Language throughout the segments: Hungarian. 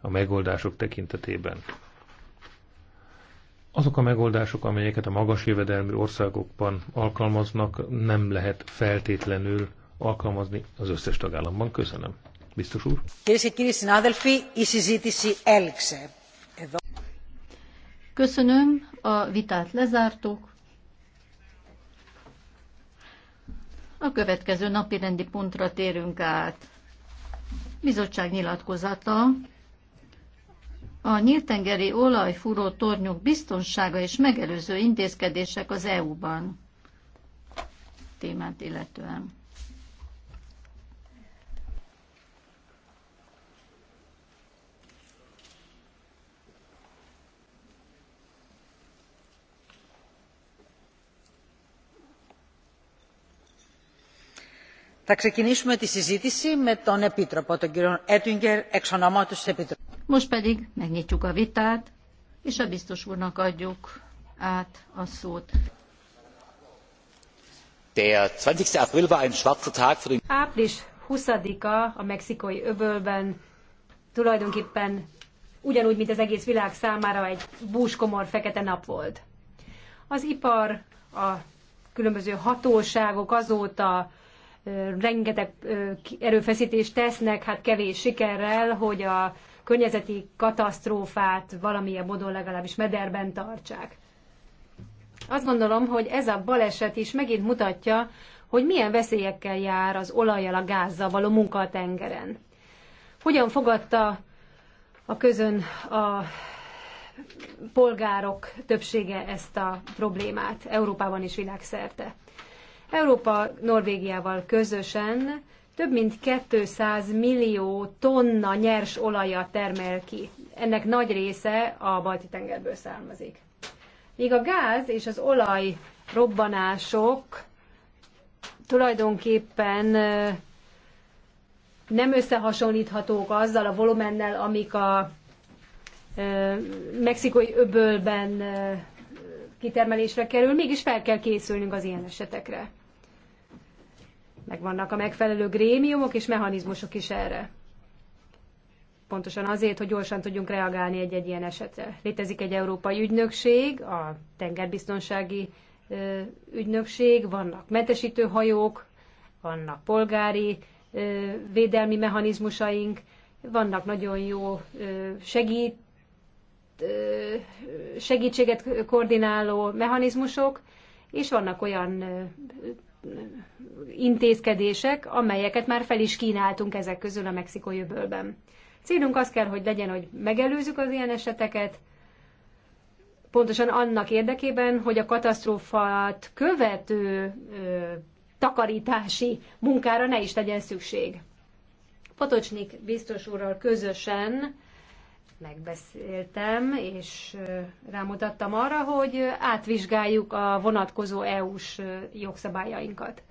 a megoldások tekintetében. Azok a megoldások, amelyeket a magas jövedelmi országokban alkalmaznak, nem lehet feltétlenül alkalmazni az összes tagállamban. Köszönöm. Biztos úr. Köszönöm, a vitát lezártuk. A következő napi rendi pontra térünk át bizottság nyilatkozata a nyíltengeri olajfúró tornyok biztonsága és megelőző intézkedések az EU-ban témát illetően. Most pedig megnyitjuk a vitát, és a biztos úrnak adjuk át a szót. 20. Április 20-a a mexikói öbölben tulajdonképpen ugyanúgy, mint az egész világ számára egy búskomor fekete nap volt. Az ipar, a különböző hatóságok azóta rengeteg erőfeszítést tesznek, hát kevés sikerrel, hogy a környezeti katasztrófát valamilyen módon legalábbis mederben tartsák. Azt gondolom, hogy ez a baleset is megint mutatja, hogy milyen veszélyekkel jár az olajjal, a gázzal való munka a tengeren. Hogyan fogadta a közön a polgárok többsége ezt a problémát Európában és világszerte. Európa Norvégiával közösen több mint 200 millió tonna nyers olaja termel ki. Ennek nagy része a Balti-tengerből származik. Míg a gáz és az olaj robbanások tulajdonképpen nem összehasonlíthatók azzal a volumennel, amik a mexikai öbölben kitermelésre kerül, mégis fel kell készülnünk az ilyen esetekre. Megvannak a megfelelő grémiumok és mechanizmusok is erre. Pontosan azért, hogy gyorsan tudjunk reagálni egy-egy ilyen esetre. Létezik egy európai ügynökség, a tengerbiztonsági ügynökség, vannak mentesítő hajók, vannak polgári védelmi mechanizmusaink, vannak nagyon jó segít, segítséget koordináló mechanizmusok, és vannak olyan intézkedések, amelyeket már fel is kínáltunk ezek közül a mexikói öbölben. Célunk az kell, hogy legyen, hogy megelőzzük az ilyen eseteket, pontosan annak érdekében, hogy a katasztrófát követő ö, takarítási munkára ne is legyen szükség. Potocsnik biztos úrral közösen megbeszéltem, és rámutattam arra, hogy átvizsgáljuk a vonatkozó EU-s jogszabályainkat.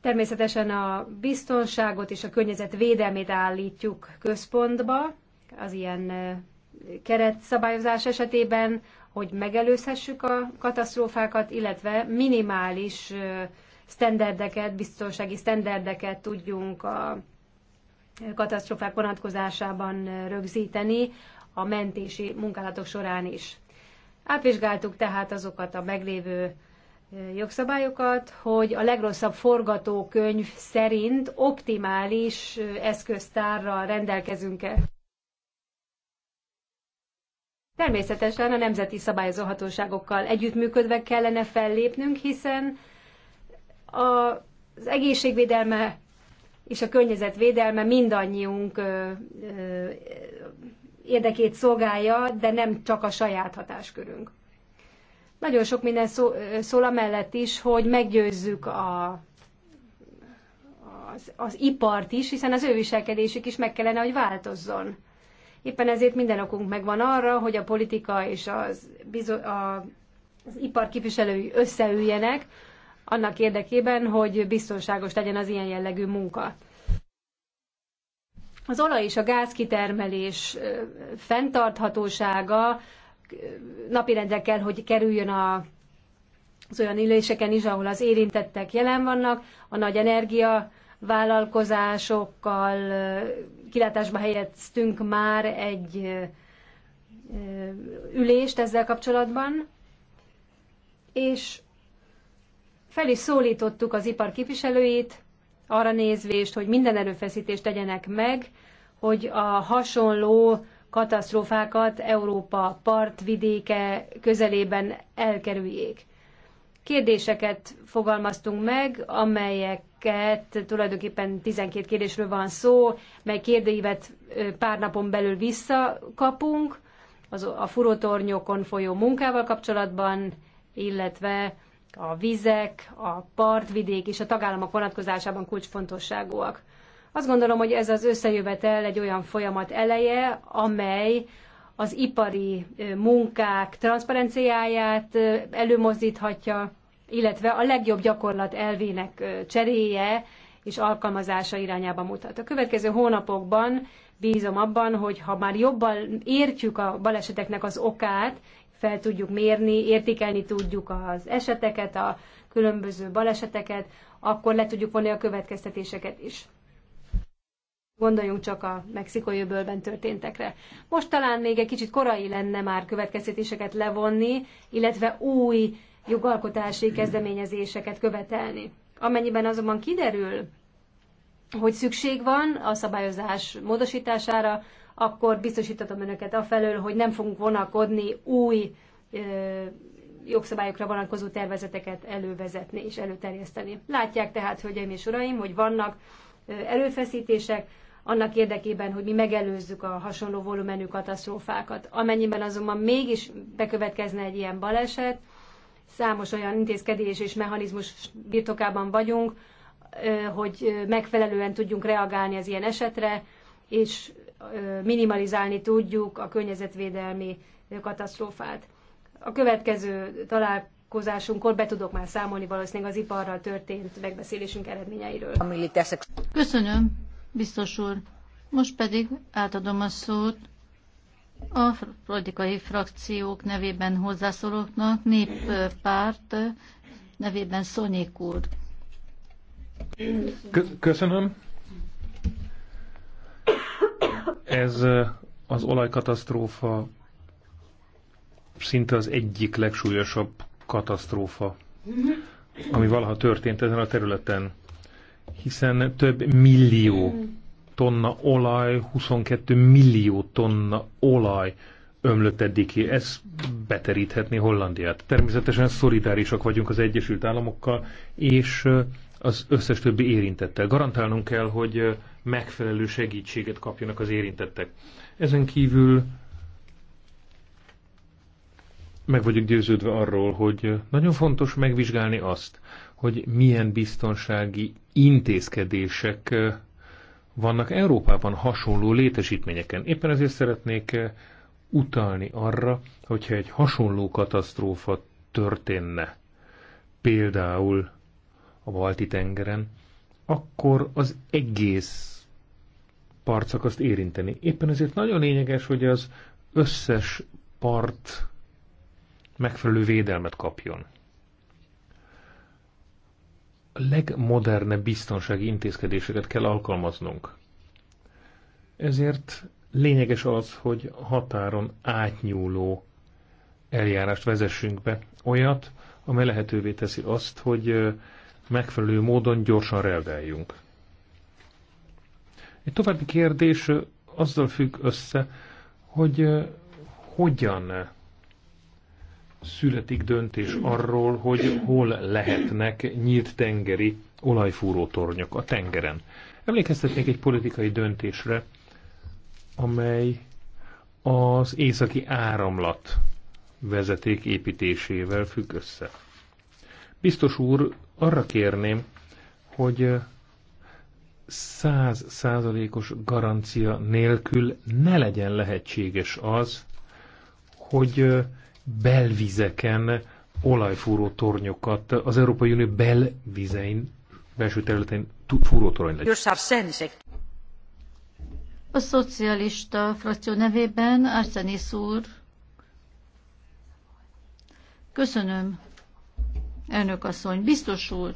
Természetesen a biztonságot és a környezet védelmét állítjuk központba, az ilyen keretszabályozás esetében, hogy megelőzhessük a katasztrófákat, illetve minimális sztenderdeket, biztonsági sztenderdeket tudjunk a katasztrofák vonatkozásában rögzíteni a mentési munkálatok során is. Átvizsgáltuk tehát azokat a meglévő jogszabályokat, hogy a legrosszabb forgatókönyv szerint optimális eszköztárral rendelkezünk-e. Természetesen a nemzeti szabályozóhatóságokkal együttműködve kellene fellépnünk, hiszen az egészségvédelme és a környezetvédelme mindannyiunk érdekét szolgálja, de nem csak a saját hatáskörünk. Nagyon sok minden szó, szól amellett is, hogy meggyőzzük a, az, az ipart is, hiszen az ő viselkedésük is meg kellene, hogy változzon. Éppen ezért minden okunk megvan arra, hogy a politika és az, bizo- a, az ipar képviselői összeüljenek, annak érdekében, hogy biztonságos legyen az ilyen jellegű munka. Az olaj és a gázkitermelés fenntarthatósága napirendre kell, hogy kerüljön a az olyan üléseken is, ahol az érintettek jelen vannak, a nagy energia vállalkozásokkal kilátásba helyeztünk már egy ülést ezzel kapcsolatban, és fel is szólítottuk az ipar képviselőit, arra nézvést, hogy minden erőfeszítést tegyenek meg, hogy a hasonló katasztrófákat Európa partvidéke közelében elkerüljék. Kérdéseket fogalmaztunk meg, amelyeket tulajdonképpen 12 kérdésről van szó, mely kérdévet pár napon belül visszakapunk, az a furótornyokon folyó munkával kapcsolatban, illetve a vizek, a partvidék és a tagállamok vonatkozásában kulcsfontosságúak. Azt gondolom, hogy ez az összejövetel egy olyan folyamat eleje, amely az ipari munkák transzparenciáját előmozdíthatja, illetve a legjobb gyakorlat elvének cseréje és alkalmazása irányába mutat. A következő hónapokban bízom abban, hogy ha már jobban értjük a baleseteknek az okát, fel tudjuk mérni, értékelni tudjuk az eseteket, a különböző baleseteket, akkor le tudjuk vonni a következtetéseket is. Gondoljunk csak a mexikai öbölben történtekre. Most talán még egy kicsit korai lenne már következtetéseket levonni, illetve új jogalkotási kezdeményezéseket követelni. Amennyiben azonban kiderül, hogy szükség van a szabályozás módosítására, akkor biztosítatom önöket afelől, hogy nem fogunk vonakodni új ö, jogszabályokra vonatkozó tervezeteket elővezetni és előterjeszteni. Látják tehát, hölgyeim és uraim, hogy vannak erőfeszítések annak érdekében, hogy mi megelőzzük a hasonló volumenű katasztrófákat. Amennyiben azonban mégis bekövetkezne egy ilyen baleset, számos olyan intézkedés és mechanizmus birtokában vagyunk, hogy megfelelően tudjunk reagálni az ilyen esetre, és minimalizálni tudjuk a környezetvédelmi katasztrófát. A következő találkozásunkkor be tudok már számolni valószínűleg az iparral történt megbeszélésünk eredményeiről. Köszönöm biztos úr. Most pedig átadom a szót a politikai frakciók nevében hozzászólóknak, néppárt nevében Szonyék úr. Köszönöm. Ez az olajkatasztrófa szinte az egyik legsúlyosabb katasztrófa, ami valaha történt ezen a területen hiszen több millió tonna olaj, 22 millió tonna olaj ömlött eddig ki. Ez beteríthetné Hollandiát. Természetesen szolidárisak vagyunk az Egyesült Államokkal, és az összes többi érintettel. Garantálnunk kell, hogy megfelelő segítséget kapjanak az érintettek. Ezen kívül meg vagyok győződve arról, hogy nagyon fontos megvizsgálni azt, hogy milyen biztonsági intézkedések vannak Európában hasonló létesítményeken. Éppen ezért szeretnék utalni arra, hogyha egy hasonló katasztrófa történne, például a Balti tengeren, akkor az egész partszakaszt érinteni. Éppen ezért nagyon lényeges, hogy az összes part megfelelő védelmet kapjon. A legmodernebb biztonsági intézkedéseket kell alkalmaznunk. Ezért lényeges az, hogy határon átnyúló eljárást vezessünk be, olyat, amely lehetővé teszi azt, hogy megfelelő módon gyorsan reagáljunk. Egy további kérdés azzal függ össze, hogy hogyan születik döntés arról, hogy hol lehetnek nyílt tengeri olajfúrótornyok a tengeren. Emlékeztetnék egy politikai döntésre, amely az északi áramlat vezeték építésével függ össze. Biztos úr, arra kérném, hogy száz százalékos garancia nélkül ne legyen lehetséges az, hogy belvizeken olajfúró tornyokat az Európai Unió belvizein, belső területén torony legyen. A szocialista frakció nevében Arsenis úr. Köszönöm, elnök asszony. Biztos úr,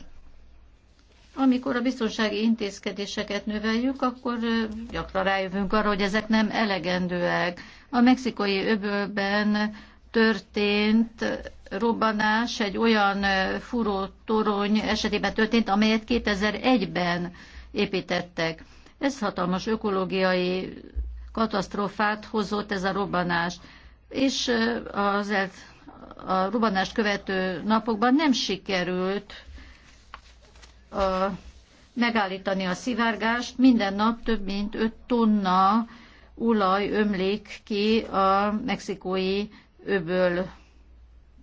amikor a biztonsági intézkedéseket növeljük, akkor gyakran rájövünk arra, hogy ezek nem elegendőek. A mexikai öbölben történt robbanás egy olyan furó torony esetében történt, amelyet 2001-ben építettek. Ez hatalmas ökológiai katasztrófát hozott ez a robbanás. És az, a robbanást követő napokban nem sikerült a, megállítani a szivárgást. Minden nap több mint 5 tonna olaj ömlik ki a mexikói öböl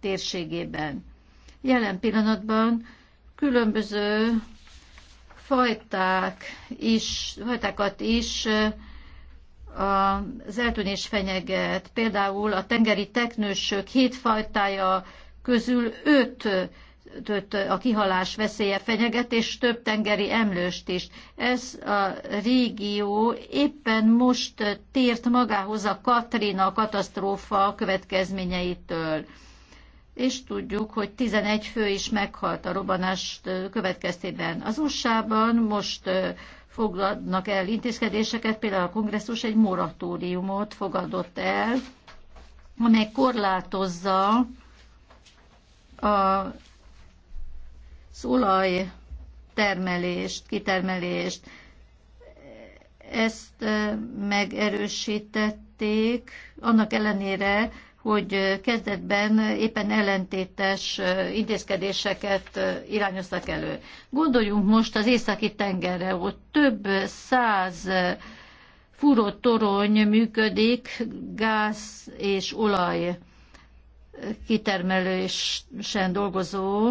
térségében. Jelen pillanatban különböző fajták is, fajtákat is az eltűnés fenyeget. Például a tengeri teknősök hét fajtája közül öt a kihalás veszélye fenyeget, és több tengeri emlőst is. Ez a régió éppen most tért magához a Katrina katasztrófa következményeitől. És tudjuk, hogy 11 fő is meghalt a robbanás következtében. Az USA-ban most fogadnak el intézkedéseket, például a kongresszus egy moratóriumot fogadott el, amely korlátozza a az olaj termelést, kitermelést. Ezt megerősítették, annak ellenére, hogy kezdetben éppen ellentétes intézkedéseket irányoztak elő. Gondoljunk most az északi tengerre, ott több száz furó torony működik, gáz és olaj kitermelésen dolgozó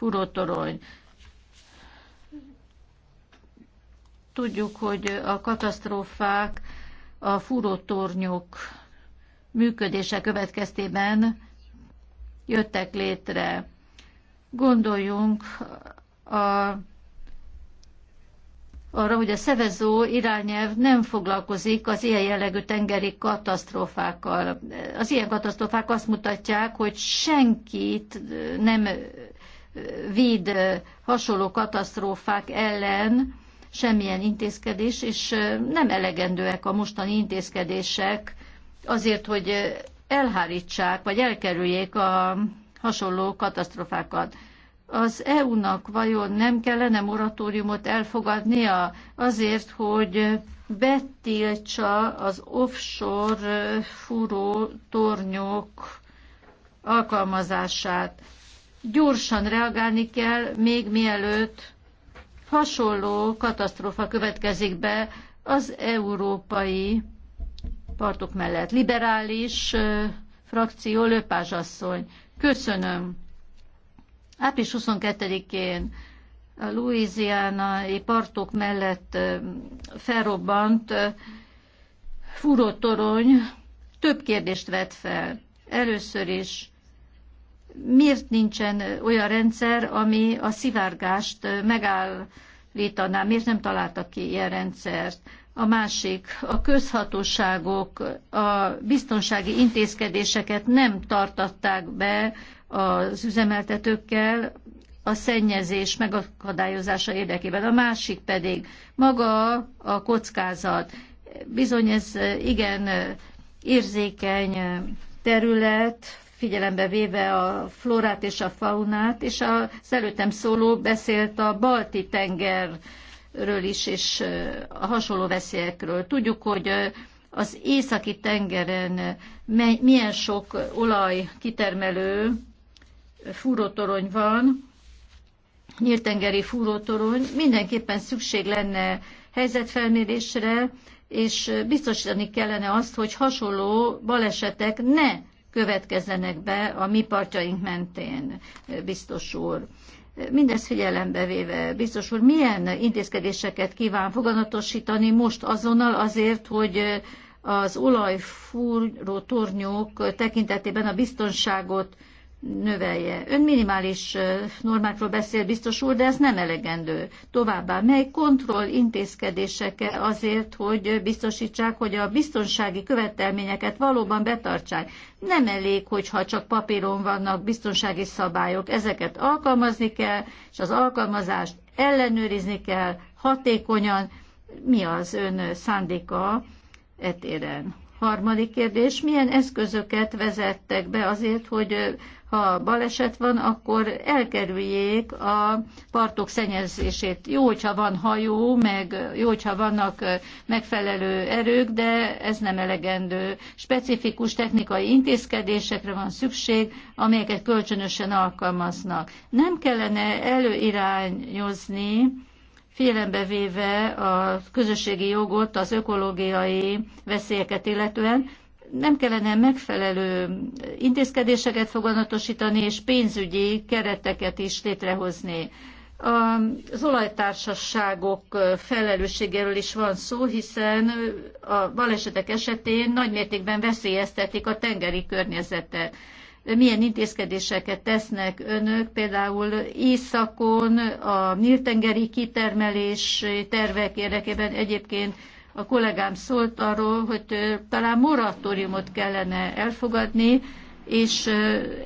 furótorony. Tudjuk, hogy a katasztrófák a furótornyok működése következtében jöttek létre. Gondoljunk a arra, hogy a szevezó irányelv nem foglalkozik az ilyen jellegű tengeri katasztrófákkal. Az ilyen katasztrófák azt mutatják, hogy senkit nem véd hasonló katasztrófák ellen semmilyen intézkedés, és nem elegendőek a mostani intézkedések azért, hogy elhárítsák, vagy elkerüljék a hasonló katasztrofákat. Az EU-nak vajon nem kellene moratóriumot elfogadnia azért, hogy betiltsa az offshore fúró tornyok alkalmazását gyorsan reagálni kell, még mielőtt hasonló katasztrófa következik be az európai partok mellett. Liberális frakció, Löpázs asszony. Köszönöm. Április 22-én a Louisiana-i partok mellett felrobbant furótorony több kérdést vet fel. Először is miért nincsen olyan rendszer, ami a szivárgást megállítaná? Miért nem találtak ki ilyen rendszert? A másik, a közhatóságok a biztonsági intézkedéseket nem tartatták be az üzemeltetőkkel a szennyezés megakadályozása érdekében. A másik pedig maga a kockázat. Bizony ez igen érzékeny terület, figyelembe véve a florát és a faunát, és az előttem szóló beszélt a balti tengerről is, és a hasonló veszélyekről. Tudjuk, hogy az északi tengeren milyen sok olaj kitermelő fúrótorony van, nyíltengeri fúrótorony, mindenképpen szükség lenne helyzetfelmérésre, és biztosítani kellene azt, hogy hasonló balesetek ne következzenek be a mi partjaink mentén, biztos úr. Mindez figyelembe véve, biztos úr, milyen intézkedéseket kíván foganatosítani most azonnal azért, hogy az olajfúró tornyok tekintetében a biztonságot növelje. Ön minimális normákról beszél, biztos úr, de ez nem elegendő. Továbbá, mely kontroll intézkedéseke azért, hogy biztosítsák, hogy a biztonsági követelményeket valóban betartsák? Nem elég, hogyha csak papíron vannak biztonsági szabályok, ezeket alkalmazni kell, és az alkalmazást ellenőrizni kell hatékonyan. Mi az ön szándéka etéren? Harmadik kérdés, milyen eszközöket vezettek be azért, hogy ha baleset van, akkor elkerüljék a partok szennyezését. Jó, hogyha van hajó, meg jó, hogyha vannak megfelelő erők, de ez nem elegendő. Specifikus technikai intézkedésekre van szükség, amelyeket kölcsönösen alkalmaznak. Nem kellene előirányozni, figyelembe véve a közösségi jogot, az ökológiai veszélyeket illetően, nem kellene megfelelő intézkedéseket foganatosítani, és pénzügyi kereteket is létrehozni. Az olajtársaságok felelősségéről is van szó, hiszen a balesetek esetén nagymértékben veszélyeztetik a tengeri környezetet milyen intézkedéseket tesznek önök, például északon a nyíltengeri kitermelés tervek érdekében egyébként a kollégám szólt arról, hogy talán moratóriumot kellene elfogadni, és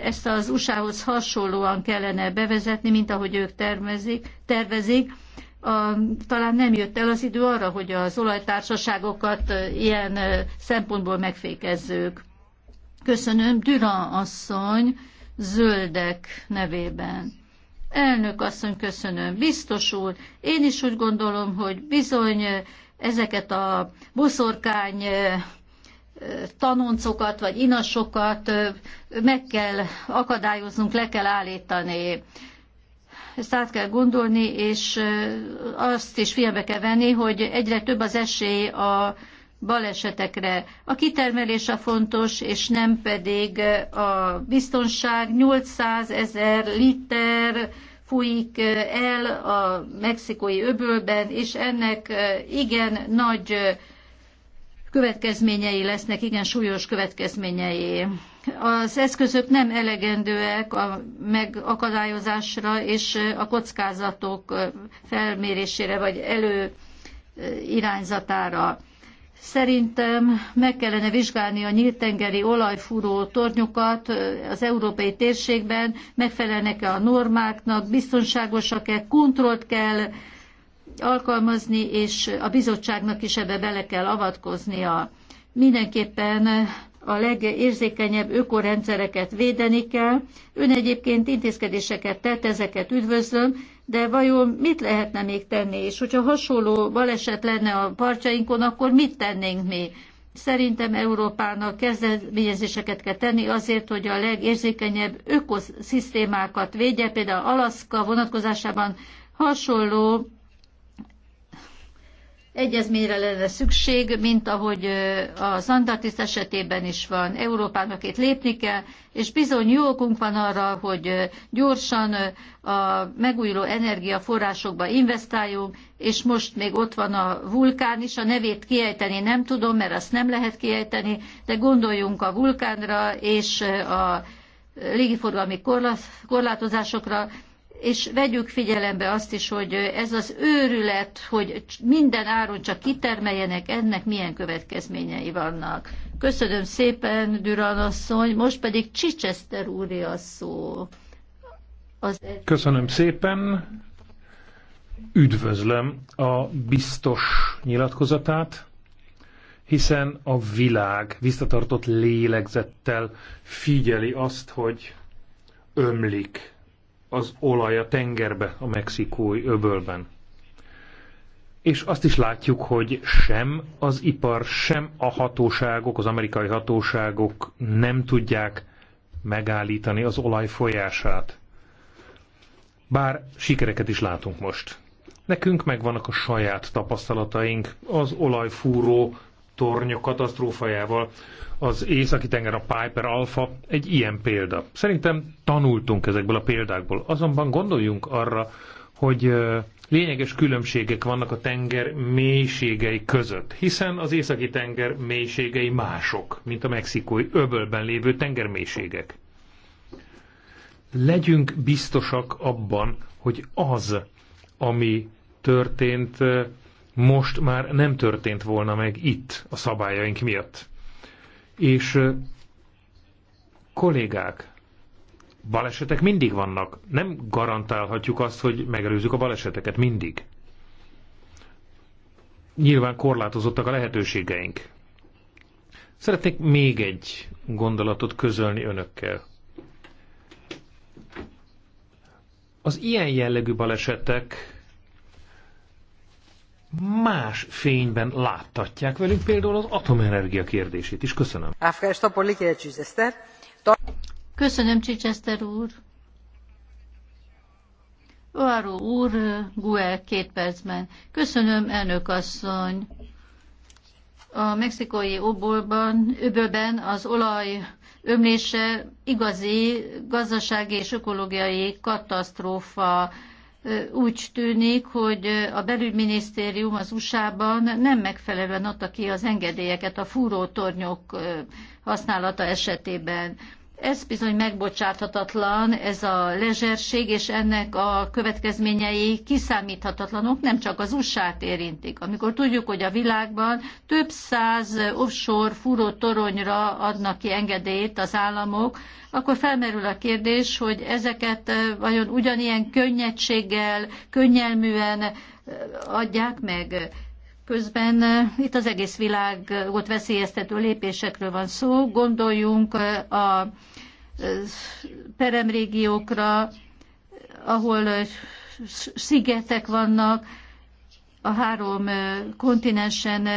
ezt az USA-hoz hasonlóan kellene bevezetni, mint ahogy ők termezik, tervezik. A, talán nem jött el az idő arra, hogy az olajtársaságokat ilyen szempontból megfékezzük. Köszönöm, Düra asszony, zöldek nevében. Elnök asszony, köszönöm. Biztos úr, én is úgy gondolom, hogy bizony eh, ezeket a boszorkány eh, tanoncokat vagy inasokat eh, meg kell akadályoznunk, le kell állítani. Ezt át kell gondolni, és azt is figyelme kell venni, hogy egyre több az esély a balesetekre. A kitermelés a fontos, és nem pedig a biztonság. 800 ezer liter fújik el a mexikói öbölben, és ennek igen nagy következményei lesznek, igen súlyos következményei. Az eszközök nem elegendőek a megakadályozásra és a kockázatok felmérésére vagy előirányzatára. Szerintem meg kellene vizsgálni a nyílt tengeri olajfúró tornyokat az európai térségben, megfelelnek-e a normáknak, biztonságosak-e, kontrollt kell alkalmazni, és a bizottságnak is ebbe bele kell avatkoznia. Mindenképpen a legérzékenyebb ökorendszereket védeni kell. Ön egyébként intézkedéseket tett, ezeket üdvözlöm, de vajon mit lehetne még tenni, és hogyha hasonló baleset lenne a partjainkon, akkor mit tennénk mi? Szerintem Európának kezdeményezéseket kell tenni azért, hogy a legérzékenyebb ökoszisztémákat védje, például Alaszka vonatkozásában hasonló egyezményre lenne szükség, mint ahogy az Antarktisz esetében is van. Európának itt lépni kell, és bizony okunk van arra, hogy gyorsan a megújuló energiaforrásokba investáljunk, és most még ott van a vulkán is, a nevét kiejteni nem tudom, mert azt nem lehet kiejteni, de gondoljunk a vulkánra és a légiforgalmi korlátozásokra, és vegyük figyelembe azt is, hogy ez az őrület, hogy minden áron csak kitermeljenek, ennek milyen következményei vannak. Köszönöm szépen, Düran asszony, most pedig Csicseszter úri a szó. Az... Köszönöm szépen, üdvözlöm a biztos nyilatkozatát, hiszen a világ visszatartott lélegzettel figyeli azt, hogy ömlik az olaj a tengerbe, a mexikói öbölben. És azt is látjuk, hogy sem az ipar, sem a hatóságok, az amerikai hatóságok nem tudják megállítani az olaj folyását. Bár sikereket is látunk most. Nekünk megvannak a saját tapasztalataink az olajfúró tornyok katasztrófájával, az északi tenger, a Piper Alpha egy ilyen példa. Szerintem tanultunk ezekből a példákból, azonban gondoljunk arra, hogy lényeges különbségek vannak a tenger mélységei között, hiszen az északi tenger mélységei mások, mint a mexikói öbölben lévő tenger mélységek. Legyünk biztosak abban, hogy az, ami történt most már nem történt volna meg itt a szabályaink miatt. És kollégák, balesetek mindig vannak. Nem garantálhatjuk azt, hogy megelőzzük a baleseteket mindig. Nyilván korlátozottak a lehetőségeink. Szeretnék még egy gondolatot közölni önökkel. Az ilyen jellegű balesetek más fényben láttatják velünk például az atomenergia kérdését is. Köszönöm. Köszönöm, Csicseszter úr. Oáró úr, Gue, két percben. Köszönöm, elnök asszony. A mexikai obolban, öbölben az olaj ömlése igazi gazdasági és ökológiai katasztrófa úgy tűnik, hogy a belügyminisztérium az USA-ban nem megfelelően adta ki az engedélyeket a fúrótornyok használata esetében. Ez bizony megbocsáthatatlan, ez a lezserség, és ennek a következményei kiszámíthatatlanok, nem csak az usa érintik. Amikor tudjuk, hogy a világban több száz offshore furó toronyra adnak ki engedélyt az államok, akkor felmerül a kérdés, hogy ezeket eh, vajon ugyanilyen könnyedséggel, könnyelműen eh, adják meg. Közben eh, itt az egész világot veszélyeztető lépésekről van szó. Gondoljunk a peremrégiókra, ahol szigetek vannak, a három kontinensen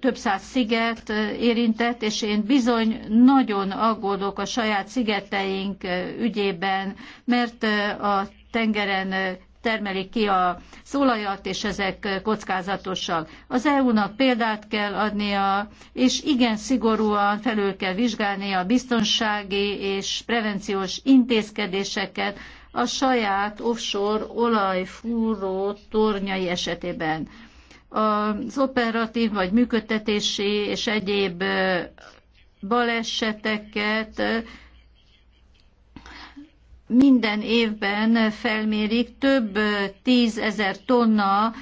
több száz sziget érintett, és én bizony nagyon aggódok a saját szigeteink ügyében, mert a tengeren termelik ki a szólajat, és ezek kockázatosak. Az EU-nak példát kell adnia, és igen szigorúan felül kell vizsgálni a biztonsági és prevenciós intézkedéseket a saját offshore olajfúró tornyai esetében. Az operatív vagy működtetési és egyéb baleseteket minden évben felmérik, több tízezer tonna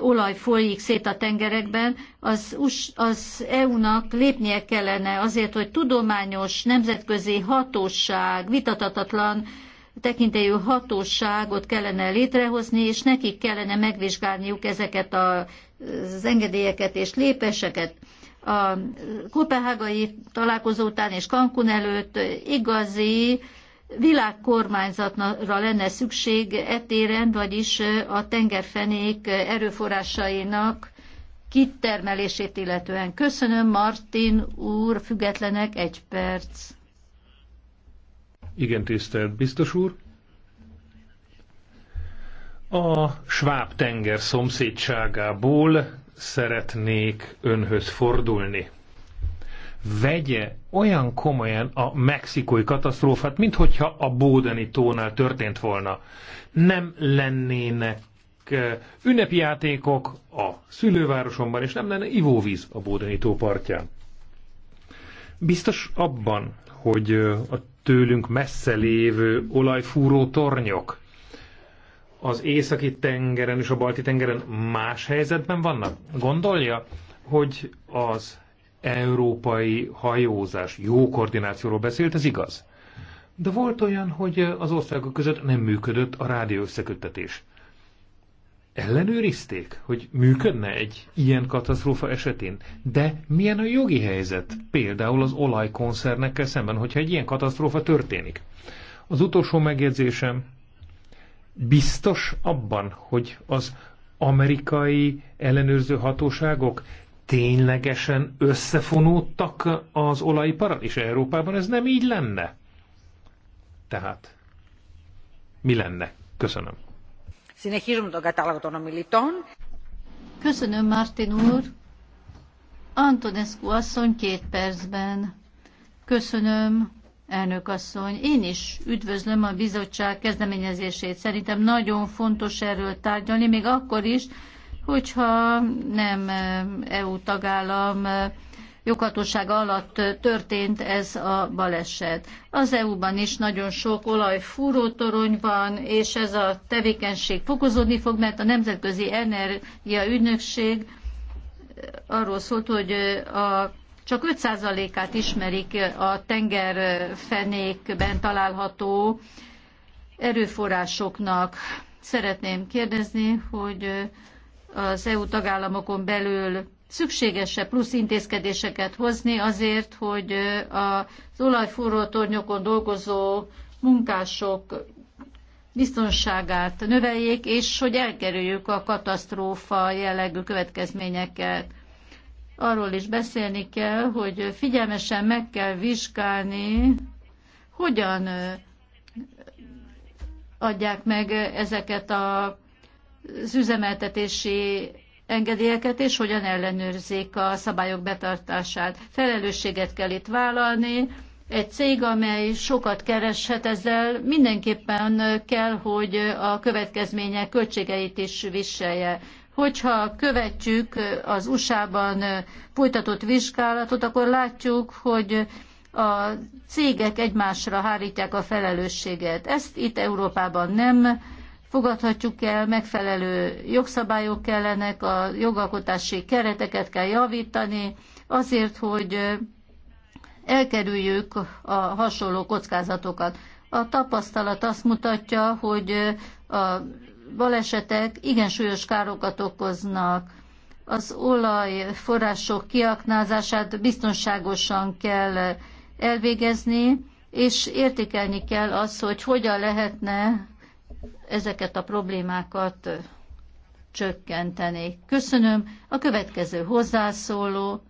olaj folyik szét a tengerekben, az, az EU-nak lépnie kellene azért, hogy tudományos nemzetközi hatóság, vitatatatlan tekintélyű hatóságot kellene létrehozni, és nekik kellene megvizsgálniuk ezeket a, az engedélyeket és lépéseket. A kopenhágai találkozó után és Cancun előtt igazi világkormányzatra lenne szükség etéren, vagyis a tengerfenék erőforrásainak kitermelését illetően. Köszönöm, Martin úr, függetlenek egy perc. Igen, tisztelt biztos úr. A Schwab tenger szomszédságából szeretnék önhöz fordulni vegye olyan komolyan a mexikói katasztrófát, mint hogyha a Bódeni tónál történt volna. Nem lennének eh, ünnepi játékok a szülővárosomban, és nem lenne ivóvíz a Bódeni tó partján. Biztos abban, hogy eh, a tőlünk messze lévő olajfúró tornyok az északi tengeren és a balti tengeren más helyzetben vannak? Gondolja, hogy az európai hajózás, jó koordinációról beszélt, ez igaz. De volt olyan, hogy az országok között nem működött a rádió összeköttetés. Ellenőrizték, hogy működne egy ilyen katasztrófa esetén, de milyen a jogi helyzet, például az olajkonszernekkel szemben, hogyha egy ilyen katasztrófa történik. Az utolsó megjegyzésem, biztos abban, hogy az amerikai ellenőrző hatóságok ténylegesen összefonódtak az olajiparral, és Európában ez nem így lenne. Tehát mi lenne? Köszönöm. Köszönöm, Martin úr. Antonescu asszony két percben. Köszönöm, elnök asszony. Én is üdvözlöm a bizottság kezdeményezését. Szerintem nagyon fontos erről tárgyalni, még akkor is, hogyha nem EU tagállam joghatósága alatt történt ez a baleset. Az EU-ban is nagyon sok olajfúrótorony van, és ez a tevékenység fokozódni fog, mert a Nemzetközi Energia Ügynökség arról szólt, hogy a csak 5%-át ismerik a tengerfenékben található erőforrásoknak. Szeretném kérdezni, hogy az EU tagállamokon belül szükségesebb plusz intézkedéseket hozni azért, hogy az olajforró tornyokon dolgozó munkások biztonságát növeljék, és hogy elkerüljük a katasztrófa jellegű következményeket. Arról is beszélni kell, hogy figyelmesen meg kell vizsgálni, hogyan adják meg ezeket a az üzemeltetési engedélyeket, és hogyan ellenőrzik a szabályok betartását. Felelősséget kell itt vállalni. Egy cég, amely sokat kereshet ezzel, mindenképpen kell, hogy a következmények költségeit is viselje hogyha követjük az USA-ban folytatott vizsgálatot, akkor látjuk, hogy a cégek egymásra hárítják a felelősséget. Ezt itt Európában nem fogadhatjuk el, megfelelő jogszabályok kellenek, a jogalkotási kereteket kell javítani, azért, hogy elkerüljük a hasonló kockázatokat. A tapasztalat azt mutatja, hogy a balesetek igen súlyos károkat okoznak. Az olajforrások kiaknázását biztonságosan kell elvégezni, és értékelni kell azt, hogy hogyan lehetne ezeket a problémákat csökkenteni. Köszönöm. A következő hozzászóló,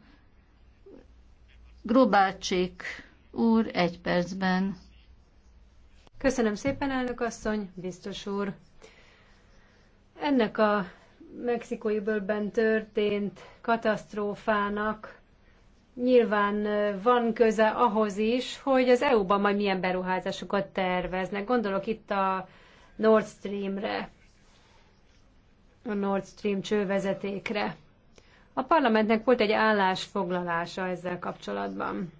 Grobácsik úr, egy percben. Köszönöm szépen, elnök asszony, biztos úr. Ennek a mexikói bőlben történt katasztrófának nyilván van köze ahhoz is, hogy az EU-ban majd milyen beruházásokat terveznek. Gondolok itt a Nord Streamre, a Nord Stream csővezetékre. A parlamentnek volt egy állásfoglalása ezzel kapcsolatban.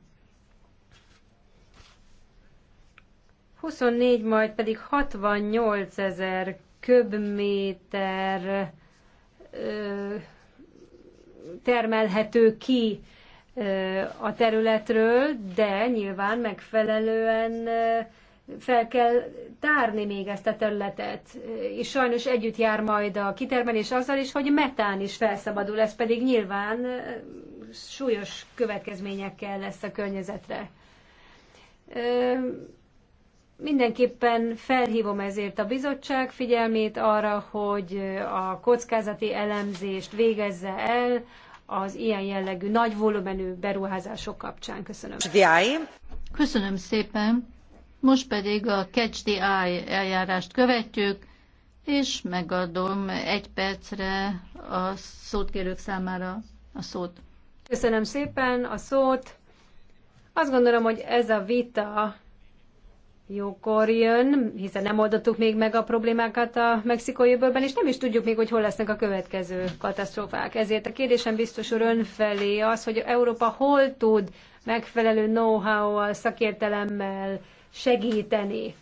24, majd pedig 68 ezer köbméter termelhető ki ö, a területről, de nyilván megfelelően ö, fel kell tárni még ezt a területet, és sajnos együtt jár majd a kitermelés azzal is, hogy metán is felszabadul, ez pedig nyilván súlyos következményekkel lesz a környezetre. Mindenképpen felhívom ezért a bizottság figyelmét arra, hogy a kockázati elemzést végezze el az ilyen jellegű nagy volumenű beruházások kapcsán. Köszönöm. Köszönöm szépen. Most pedig a Catch the Eye eljárást követjük, és megadom egy percre a szót kérők számára a szót. Köszönöm szépen a szót. Azt gondolom, hogy ez a vita jókor jön, hiszen nem oldottuk még meg a problémákat a mexikói jövőben, és nem is tudjuk még, hogy hol lesznek a következő katasztrófák. Ezért a kérdésem biztos úr felé, az, hogy Európa hol tud megfelelő know-how-val, szakértelemmel segíteni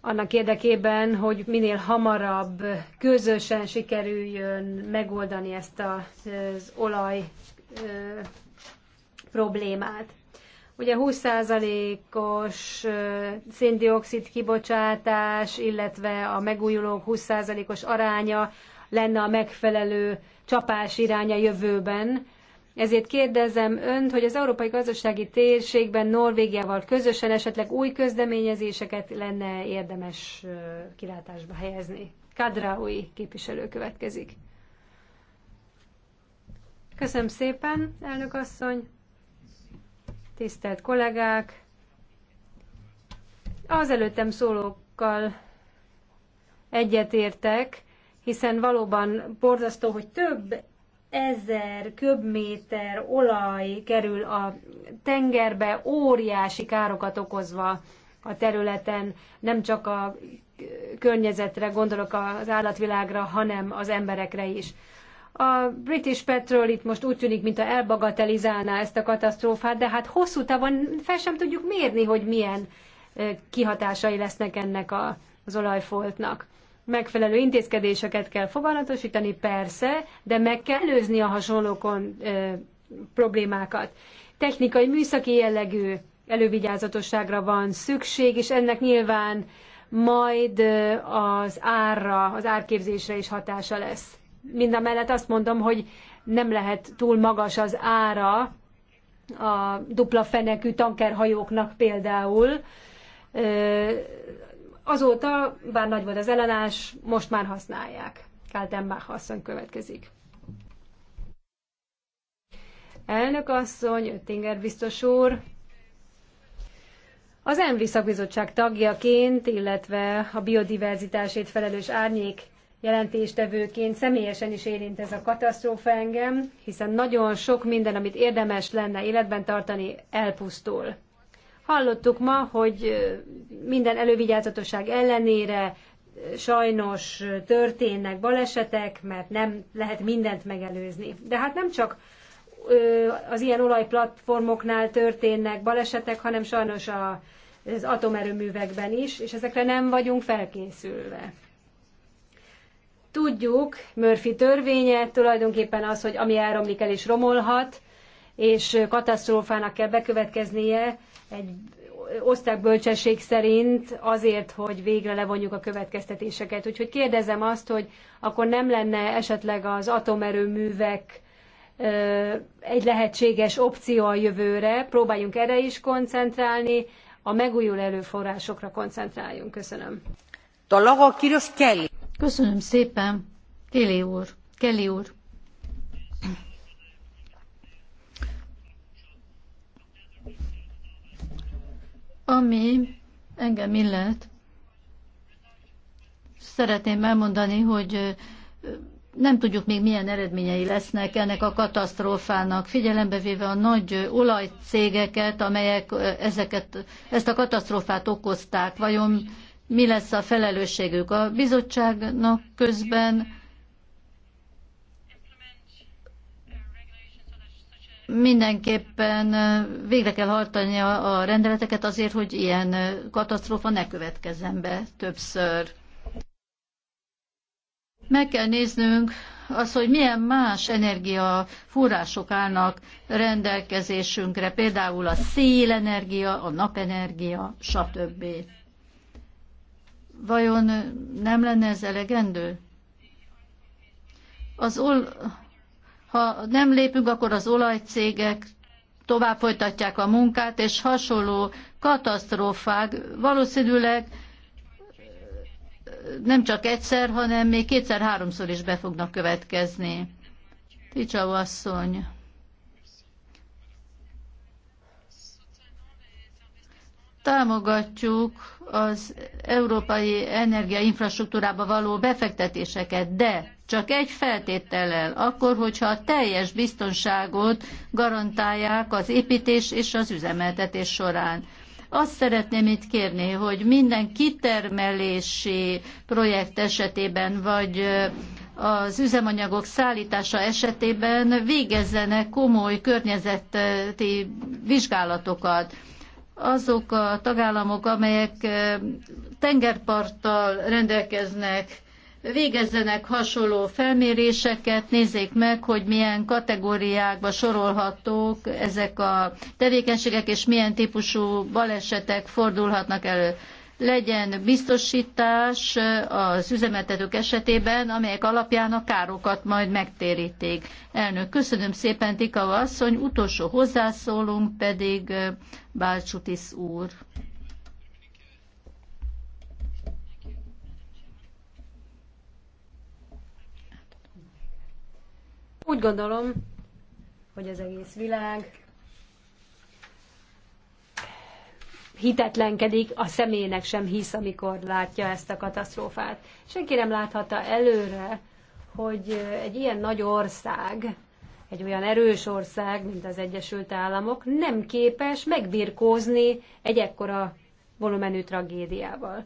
annak érdekében, hogy minél hamarabb közösen sikerüljön megoldani ezt az olaj problémát. Ugye 20%-os széndiokszid kibocsátás, illetve a megújulók 20%-os aránya lenne a megfelelő csapás iránya jövőben, ezért kérdezem önt, hogy az európai gazdasági térségben Norvégiával közösen esetleg új közdeményezéseket lenne érdemes kilátásba helyezni. Kadraui képviselő következik. Köszönöm szépen, elnök asszony, tisztelt kollégák. Az előttem szólókkal egyetértek, hiszen valóban borzasztó, hogy több ezer köbméter olaj kerül a tengerbe, óriási károkat okozva a területen, nem csak a környezetre, gondolok az állatvilágra, hanem az emberekre is. A British Petrol itt most úgy tűnik, mintha elbagatelizálná ezt a katasztrófát, de hát hosszú távon fel sem tudjuk mérni, hogy milyen eh, kihatásai lesznek ennek a, az olajfoltnak megfelelő intézkedéseket kell foganatosítani, persze, de meg kell előzni a hasonlókon ö, problémákat. Technikai, műszaki jellegű elővigyázatosságra van szükség, és ennek nyilván majd az árra, az árképzésre is hatása lesz. Mind a mellett azt mondom, hogy nem lehet túl magas az ára a dupla fenekű tankerhajóknak például, Azóta, bár nagy volt az ellenállás, most már használják. Kaltenbach asszony következik. Elnök asszony, Öttinger biztos úr, az ENVI szakbizottság tagjaként, illetve a biodiverzitásért felelős árnyék jelentéstevőként személyesen is érint ez a katasztrófa engem, hiszen nagyon sok minden, amit érdemes lenne életben tartani, elpusztul. Hallottuk ma, hogy minden elővigyázatosság ellenére sajnos történnek balesetek, mert nem lehet mindent megelőzni. De hát nem csak az ilyen olajplatformoknál történnek balesetek, hanem sajnos a, az atomerőművekben is, és ezekre nem vagyunk felkészülve. Tudjuk, Murphy törvénye tulajdonképpen az, hogy ami elromlik el is romolhat, és katasztrófának kell bekövetkeznie egy osztrák bölcsesség szerint azért, hogy végre levonjuk a következtetéseket. Úgyhogy kérdezem azt, hogy akkor nem lenne esetleg az atomerőművek egy lehetséges opció a jövőre. Próbáljunk erre is koncentrálni, a megújuló előforrásokra koncentráljunk. Köszönöm. Köszönöm szépen. Kelly úr. Kelly úr. Ami engem illet, szeretném elmondani, hogy nem tudjuk még milyen eredményei lesznek ennek a katasztrófának, figyelembe véve a nagy olajcégeket, amelyek ezeket, ezt a katasztrófát okozták. Vajon mi lesz a felelősségük? A bizottságnak közben mindenképpen végre kell hajtani a rendeleteket azért, hogy ilyen katasztrófa ne következzen be többször. Meg kell néznünk az, hogy milyen más energiaforrások állnak rendelkezésünkre, például a szélenergia, a napenergia, stb. Vajon nem lenne ez elegendő? Az ol- ha nem lépünk, akkor az olajcégek tovább folytatják a munkát, és hasonló katasztrófák valószínűleg nem csak egyszer, hanem még kétszer-háromszor is be fognak következni. Ticsa asszony. Támogatjuk az európai energiainfrastruktúrába való befektetéseket, de csak egy feltétellel, akkor, hogyha a teljes biztonságot garantálják az építés és az üzemeltetés során. Azt szeretném itt kérni, hogy minden kitermelési projekt esetében, vagy az üzemanyagok szállítása esetében végezzenek komoly környezeti vizsgálatokat. Azok a tagállamok, amelyek tengerparttal rendelkeznek, végezzenek hasonló felméréseket, nézzék meg, hogy milyen kategóriákba sorolhatók ezek a tevékenységek, és milyen típusú balesetek fordulhatnak elő. Legyen biztosítás az üzemeltetők esetében, amelyek alapján a károkat majd megtérítik. Elnök, köszönöm szépen, Tika asszony, utolsó hozzászólunk pedig eh, Bálcsutis úr. Úgy gondolom, hogy az egész világ hitetlenkedik, a személynek sem hisz, amikor látja ezt a katasztrófát. Senki nem láthatta előre, hogy egy ilyen nagy ország, egy olyan erős ország, mint az Egyesült Államok nem képes megbirkózni egy ekkora volumenű tragédiával.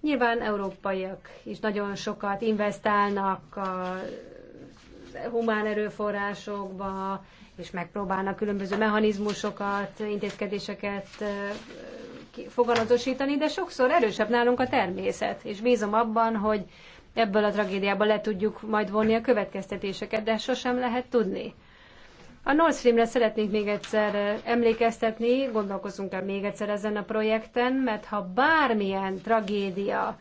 Nyilván európaiak is nagyon sokat investálnak a humán erőforrásokba, és megpróbálnak különböző mechanizmusokat, intézkedéseket foganatosítani, de sokszor erősebb nálunk a természet, és bízom abban, hogy ebből a tragédiából le tudjuk majd vonni a következtetéseket, de sosem lehet tudni. A Nord Streamre szeretnénk még egyszer emlékeztetni, gondolkozunk el még egyszer ezen a projekten, mert ha bármilyen tragédia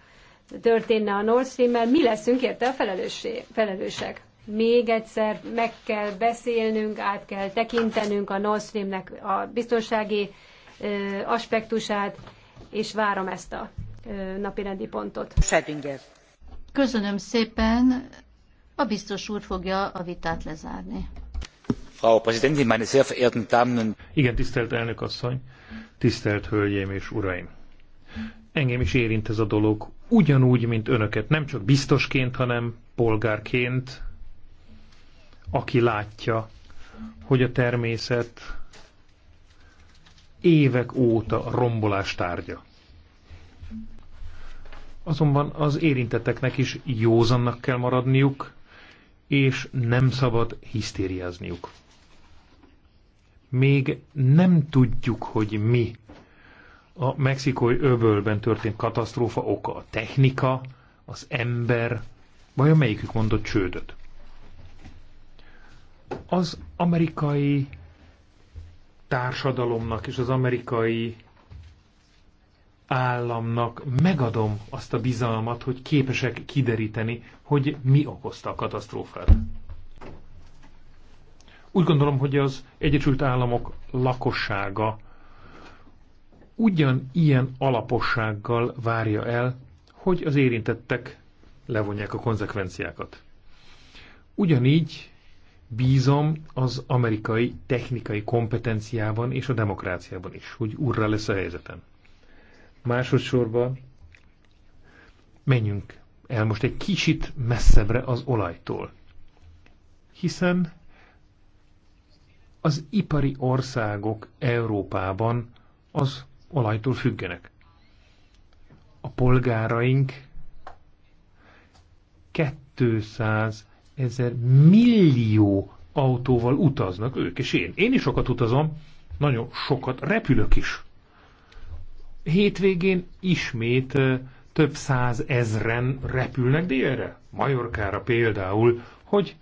történne a Nord Streammel, mi leszünk érte a felelősség, felelősek még egyszer meg kell beszélnünk, át kell tekintenünk a Nord Streamnek a biztonsági aspektusát, és várom ezt a napirendi pontot. Schrödinger. Köszönöm szépen. A biztos úr fogja a vitát lezárni. Frau Präsidentin, meine sehr verehrten Damen und Igen, tisztelt elnök asszony, tisztelt hölgyeim és uraim. Engem is érint ez a dolog, ugyanúgy, mint önöket, nem csak biztosként, hanem polgárként, aki látja, hogy a természet évek óta rombolás tárgya. Azonban az érintetteknek is józannak kell maradniuk, és nem szabad hisztériázniuk. Még nem tudjuk, hogy mi a mexikói öbölben történt katasztrófa oka, a technika, az ember, vajon melyikük mondott csődöt? Az amerikai társadalomnak és az amerikai államnak megadom azt a bizalmat, hogy képesek kideríteni, hogy mi okozta a katasztrófát. Úgy gondolom, hogy az Egyesült Államok lakossága ugyan ilyen alapossággal várja el, hogy az érintettek levonják a konzekvenciákat. Ugyanígy bízom az amerikai technikai kompetenciában és a demokráciában is, hogy urra lesz a helyzeten. Másodszorban menjünk el most egy kicsit messzebbre az olajtól. Hiszen az ipari országok Európában az olajtól függenek. A polgáraink 200 ezer millió autóval utaznak ők, és én. Én is sokat utazom, nagyon sokat repülök is. Hétvégén ismét több száz ezren repülnek délre, Majorkára például, hogy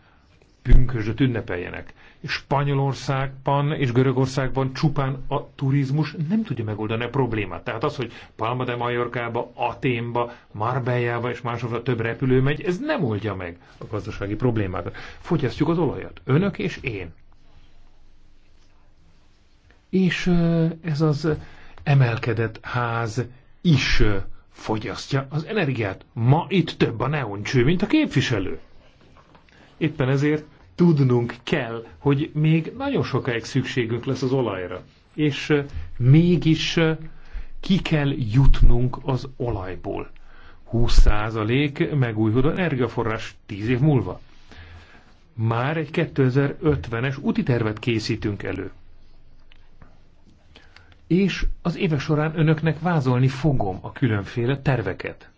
pünkösdöt ünnepeljenek. Spanyolországban és Görögországban csupán a turizmus nem tudja megoldani a problémát. Tehát az, hogy Palma de Mallorcába, Aténba, Marbellába és másokra több repülő megy, ez nem oldja meg a gazdasági problémát. Fogyasztjuk az olajat, önök és én. És ez az emelkedett ház is fogyasztja az energiát. Ma itt több a neoncső, mint a képviselő. Éppen ezért tudnunk kell, hogy még nagyon sokáig szükségünk lesz az olajra. És mégis ki kell jutnunk az olajból. 20% megújuló energiaforrás 10 év múlva. Már egy 2050-es úti tervet készítünk elő. És az évek során önöknek vázolni fogom a különféle terveket.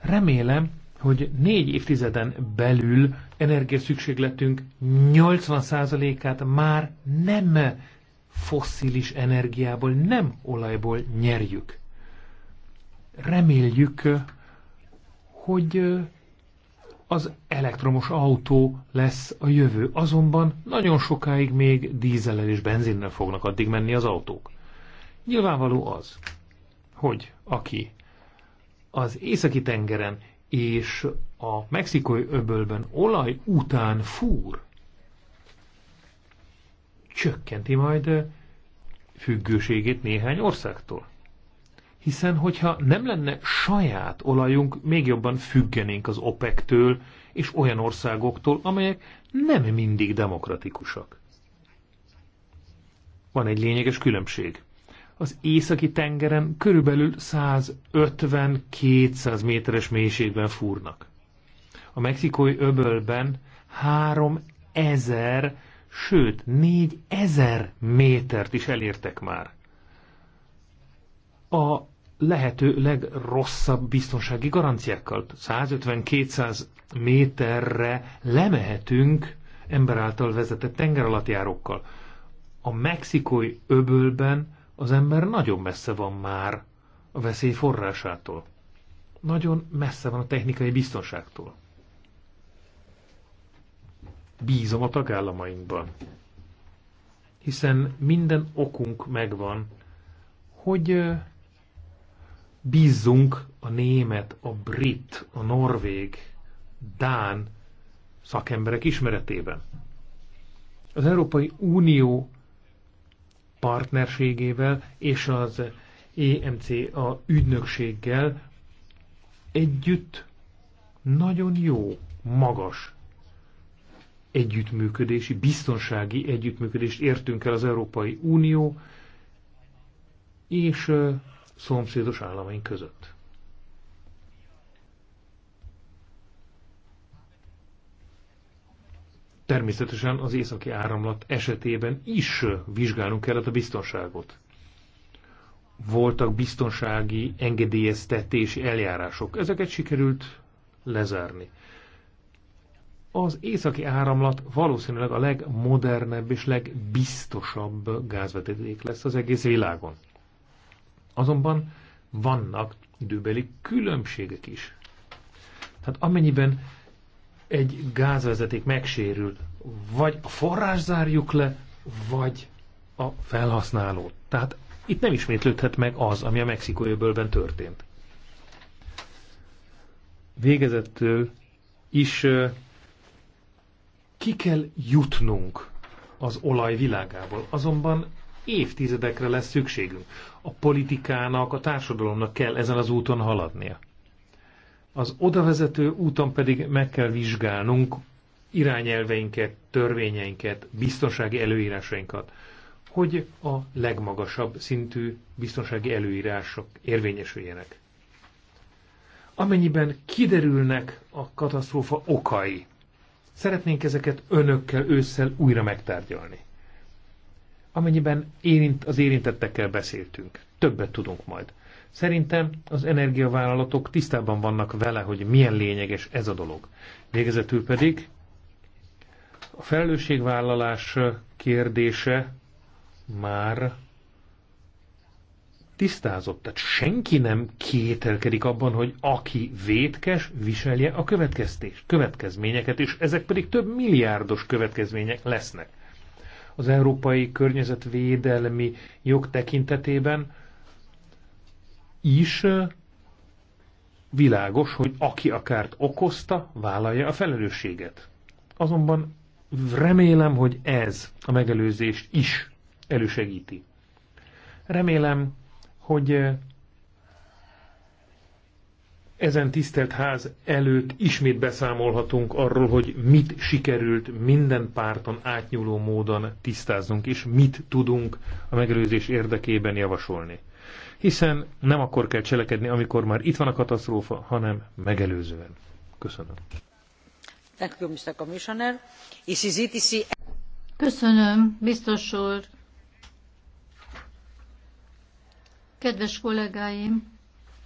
Remélem, hogy négy évtizeden belül energiaszükségletünk 80%-át már nem fosszilis energiából, nem olajból nyerjük. Reméljük, hogy az elektromos autó lesz a jövő. Azonban nagyon sokáig még dízellel és benzinnel fognak addig menni az autók. Nyilvánvaló az, hogy aki az északi tengeren és a mexikói öbölben olaj után fúr, csökkenti majd függőségét néhány országtól. Hiszen, hogyha nem lenne saját olajunk, még jobban függenénk az OPEC-től és olyan országoktól, amelyek nem mindig demokratikusak. Van egy lényeges különbség az északi tengeren körülbelül 150-200 méteres mélységben fúrnak. A mexikói öbölben 3000, sőt 4000 métert is elértek már. A lehető legrosszabb biztonsági garanciákkal 150-200 méterre lemehetünk ember által vezetett tengeralattjárókkal. A mexikói öbölben az ember nagyon messze van már a veszély forrásától. Nagyon messze van a technikai biztonságtól. Bízom a tagállamainkban, hiszen minden okunk megvan, hogy bízzunk a német, a brit, a norvég, dán szakemberek ismeretében. Az Európai Unió partnerségével és az EMCA ügynökséggel együtt nagyon jó, magas együttműködési, biztonsági együttműködést értünk el az Európai Unió és szomszédos államaink között. természetesen az északi áramlat esetében is vizsgálnunk kellett a biztonságot. Voltak biztonsági engedélyeztetési eljárások, ezeket sikerült lezárni. Az északi áramlat valószínűleg a legmodernebb és legbiztosabb gázvetedék lesz az egész világon. Azonban vannak időbeli különbségek is. Tehát amennyiben egy gázvezeték megsérül, vagy a forrás zárjuk le, vagy a felhasználót. Tehát itt nem ismétlődhet meg az, ami a mexikói öbölben történt. Végezettől is ki kell jutnunk az olaj világából. Azonban évtizedekre lesz szükségünk. A politikának, a társadalomnak kell ezen az úton haladnia. Az odavezető úton pedig meg kell vizsgálnunk irányelveinket, törvényeinket, biztonsági előírásainkat, hogy a legmagasabb szintű biztonsági előírások érvényesüljenek. Amennyiben kiderülnek a katasztrófa okai, szeretnénk ezeket önökkel ősszel újra megtárgyalni. Amennyiben érint, az érintettekkel beszéltünk, többet tudunk majd. Szerintem az energiavállalatok tisztában vannak vele, hogy milyen lényeges ez a dolog. Végezetül pedig a felelősségvállalás kérdése már tisztázott. Tehát senki nem kételkedik abban, hogy aki vétkes, viselje a következtés, következményeket, és ezek pedig több milliárdos következmények lesznek. Az európai környezetvédelmi jog tekintetében is világos, hogy aki a kárt okozta, vállalja a felelősséget. Azonban remélem, hogy ez a megelőzést is elősegíti. Remélem, hogy ezen tisztelt ház előtt ismét beszámolhatunk arról, hogy mit sikerült minden párton átnyúló módon tisztáznunk, és mit tudunk a megelőzés érdekében javasolni hiszen nem akkor kell cselekedni, amikor már itt van a katasztrófa, hanem megelőzően. Köszönöm. E Köszönöm, biztos úr. Kedves kollégáim,